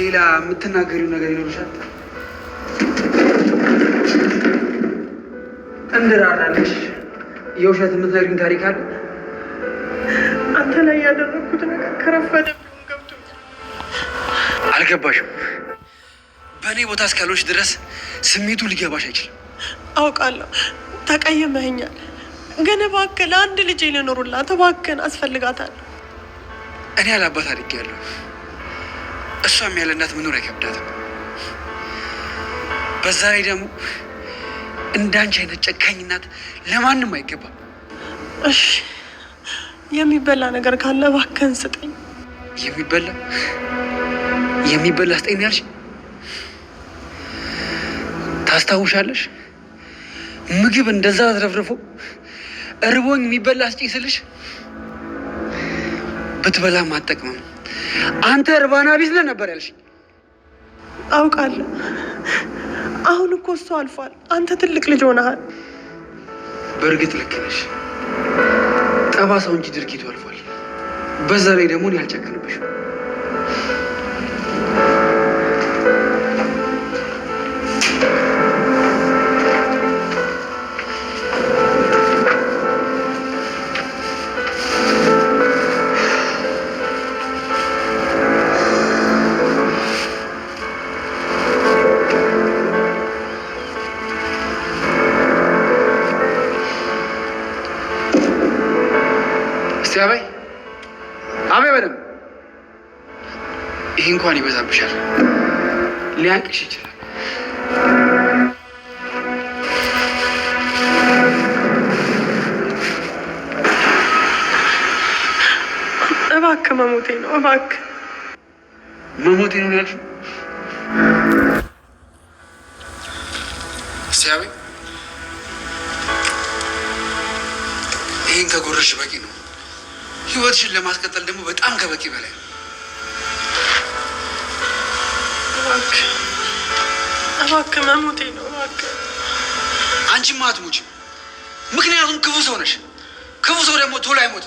ሌላ የምትናገሪው ነገር ይኖርሻል? እንድራራለሽ የውሸት የምትነግሪኝ ታሪክ አለ? አንተ ላይ ያደረግኩት ነገር ከረፈደ ገብቶ አልገባሽም። በእኔ ቦታ እስካልሆንሽ ድረስ ስሜቱ ሊገባሽ አይችልም። አውቃለሁ፣ ተቀየመኸኛል። ግን እባክህ ለአንድ ልጅ ልኖሩላት፣ እባክህን አስፈልጋታል። እኔ አላባት አድጌ ያለሁ እሷም ያለ እናት መኖር አይከብዳትም። በዛ ላይ ደግሞ እንዳንቺ አይነት ጨካኝ እናት ለማንም አይገባም። እሺ የሚበላ ነገር ካለ እባክህን ስጠኝ። የሚበላ የሚበላ ስጠኝ ያልሽ ታስታውሻለሽ? ምግብ እንደዛ አትረፍርፎ እርቦኝ የሚበላ ስጪኝ ስልሽ ብትበላም አትጠቅምም። አንተ እርባና ቢስ ነበር ያልሽ። አውቃለሁ። አሁን እኮ እሱ አልፏል። አንተ ትልቅ ልጅ ሆነሃል። በእርግጥ ልክ ነሽ። ጠባሳው እንጂ ድርጊቱ አልፏል። በዛ ላይ ደግሞ እኔ አልጨክንብሽም። ይህ እንኳን ይበዛብሻል። ሊያቅሽ ይችላል። እባክ መሞቴ ነው። እባክ መሞቴ ነው ያልሽው ሲያዊ፣ ይህን ከጎረሽ በቂ ነው። ህይወትሽን ለማስቀጠል ደግሞ በጣም ከበቂ በላይ ነው። እባክህ መሞቴ ነው። እባክህ አንቺማ አትሙች፣ ምክንያቱም ክፉ ሰው ነሽ። ክፉ ሰው ደግሞ ቶሎ አይሞት።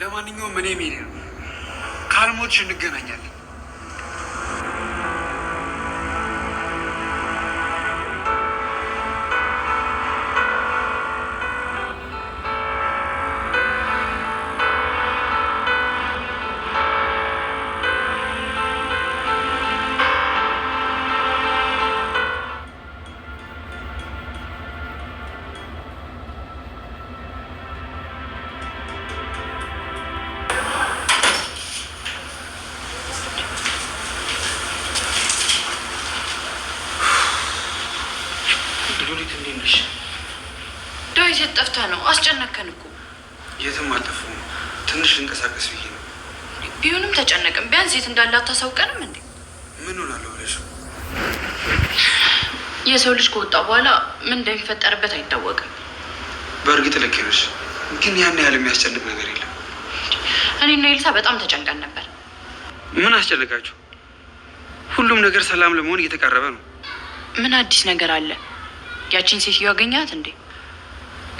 ለማንኛውም እኔ ሜሪ ነው ካልሞትሽ እንገናኛለን። ጆዲት እንዴት ነሽ? ዳዊት የት ጠፍተህ ነው? አስጨነከን እኮ። የትም አልጠፋሁም። ትንሽ ልንቀሳቀስ ብዬ ነው። ቢሆንም ተጨነቅም። ቢያንስ የት እንዳለ አታሳውቀንም እንዴ? ምን ሆናለሁ ብለሽ የሰው ልጅ ከወጣ በኋላ ምን እንደሚፈጠርበት አይታወቅም። በእርግጥ ልክ ነሽ፣ ግን ያን ያህል የሚያስጨንቅ ነገር የለም። እኔና ኤልሳ በጣም ተጨንቀን ነበር። ምን አስጨነቃችሁ? ሁሉም ነገር ሰላም ለመሆን እየተቃረበ ነው። ምን አዲስ ነገር አለ? ያቺን ሴትዮ ያገኛት እንዴ?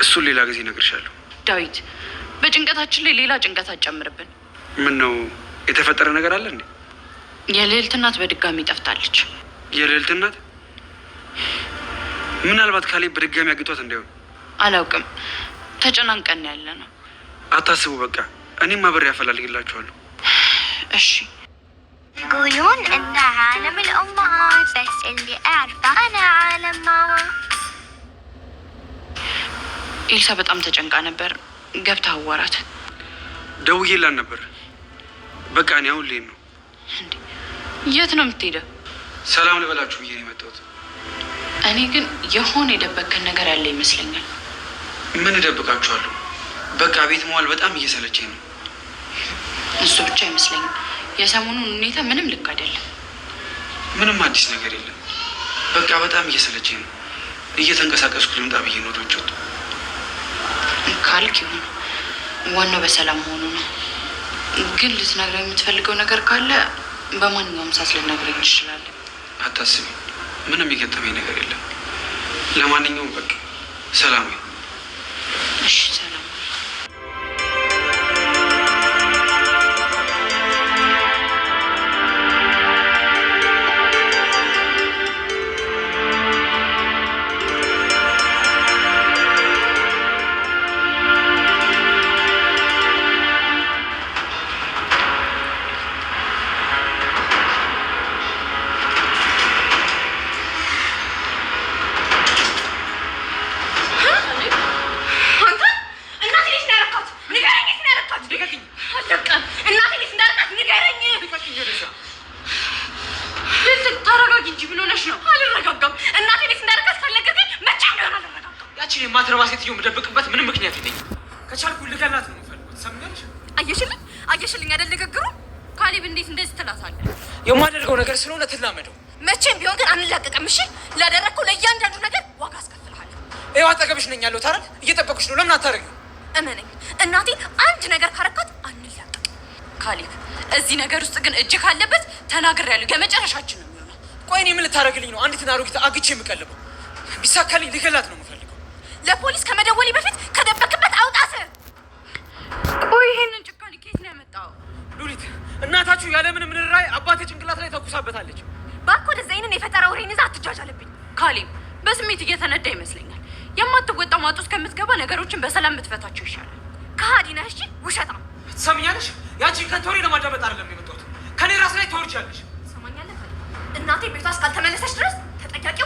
እሱን ሌላ ጊዜ እነግርሻለሁ። ዳዊት፣ በጭንቀታችን ላይ ሌላ ጭንቀት አትጨምርብን። ምን ነው የተፈጠረ ነገር አለ እንዴ? የልዕልት እናት በድጋሚ ጠፍታለች። የልዕልት እናት? ምናልባት ካሌብ በድጋሚ አግቷት እንዳይሆን አላውቅም። ተጨናንቀን ያለ ነው። አታስቡ፣ በቃ እኔም አብሬ ያፈላልግላችኋለሁ። እሺ ጉዩን እንደ ዓለም ልእማት ኤልሳ በጣም ተጨንቃ ነበር። ገብታ አዋራት። ደውዬላን ነበር። በቃ እኔ አሁን ልሄድ ነው። የት ነው የምትሄደው? ሰላም ልበላችሁ ብዬ ነው የመጣሁት። እኔ ግን የሆነ የደበቅከን ነገር ያለ ይመስለኛል። ምን እደብቃችኋለሁ? በቃ ቤት መዋል በጣም እየሰለቸኝ ነው። እሱ ብቻ አይመስለኝም። የሰሞኑን ሁኔታ ምንም ልክ አይደለም። ምንም አዲስ ነገር የለም። በቃ በጣም እየሰለቸኝ ነው። እየተንቀሳቀስኩ ልምጣ ብዬ ነው። ካልክ ይሁን፣ ዋናው በሰላም መሆኑ ነው። ግን ልትነግረኝ የምትፈልገው ነገር ካለ በማንኛውም ሰዓት ልትነግረኝ ትችላለህ። አታስቢ፣ ምንም የገጠመኝ ነገር የለም። ለማንኛውም በቃ ሰላም። እሺ። የማትረባ ሴትዮ የምደብቅበት ምንም ምክንያት የለኝም። ከቻልኩ ልገላት ነው የምፈልገው። ሰምገች አየሽልኝ፣ አየሽልኝ አይደል ንግግሩ? ካሌብ እንዴት እንደዚህ ትላታለህ? የማደርገው ነገር ስለሆነ ትላመደው። መቼም ቢሆን ግን አንላቀቅም። እሺ፣ ላደረግከው ለእያንዳንዱ ነገር ዋጋ አስከፍልሃለሁ። ይኸው አጠገብሽ ነኝ ያለሁት አይደል? እየጠበቅሽ ነው። ለምን አታደርጊው? እመነኝ፣ እናቴ አንድ ነገር ካረካት አንላቀቅም። ካሌብ፣ እዚህ ነገር ውስጥ ግን እጅ ካለበት ተናግሬያለሁ። የመጨረሻችን ነው የሚሆነው። ቆይ እኔ ምን ልታደርግልኝ ነው? አንዲት አሮጊት አግቼ የምቀልበው? ቢሳካልኝ ልገላት ነው የምፈልገው። ለፖሊስ ከመደወሌ በፊት ከደበክበት አውጣት። ቆይ ይሄንን ጭካኔ ከየት ነው ያመጣው? ሉሊት እናታችሁ ያለምን ምንራይ አባቴ ጭንቅላት ላይ ተኩሳበታለች። ባኮ ወደዛ ይህንን የፈጠረ ወሬን ይዛ አትጃጃልብኝ። ካሌብ በስሜት እየተነዳ ይመስለኛል። የማትወጣው ማጡ ውስጥ ነገሮችን በሰላም ምትፈታቸው ይሻላል። ከሀዲ ነህ። እሺ ውሸታ ትሰምኛለሽ? ያቺን ከንቱ ወሬ ለማዳመጥ አይደለም የመጣሁት። ከኔ ራስ ላይ ተወርጃለሽ። ትሰማኛለህ? እናቴ ቤቷ እስካልተመለሰች ድረስ ተጠያቂ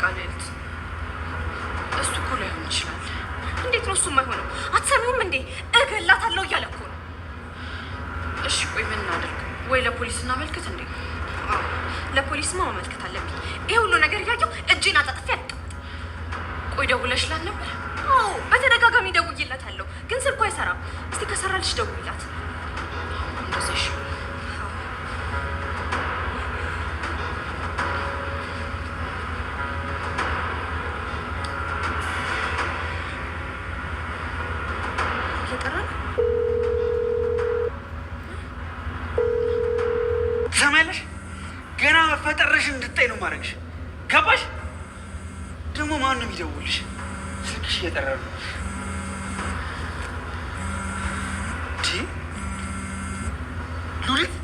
በቃ ሉሊት፣ እሱ እኮ ላይሆን ይችላል። እንዴት ነው እሱ የማይሆነው? አትሰሚውም እንዴ? እገላታለሁ እያለ እኮ ነው። እሺ ቆይ ምን እናደርግ? ወይ ለፖሊስ እናመልክት እንዴ? ለፖሊስ ማ ማመልከት አለብኝ። ይሄ ሁሉ ነገር እያየው እጄን አጣጥፌ አልቀመጥም። ቆይ ደውለሽላት ነበር? አዎ በተደጋጋሚ ደውዬላታለሁ፣ ግን ስልኳ አይሰራም። እስቲ ከሰራልሽ ደውይላት እንደዚህ አፈጠረሽ እንድታይ ነው ማድረግሽ። ገባሽ? ደግሞ ማን ነው የሚደውልሽ? ስልክሽ እየጠራ ነው። ሉሊት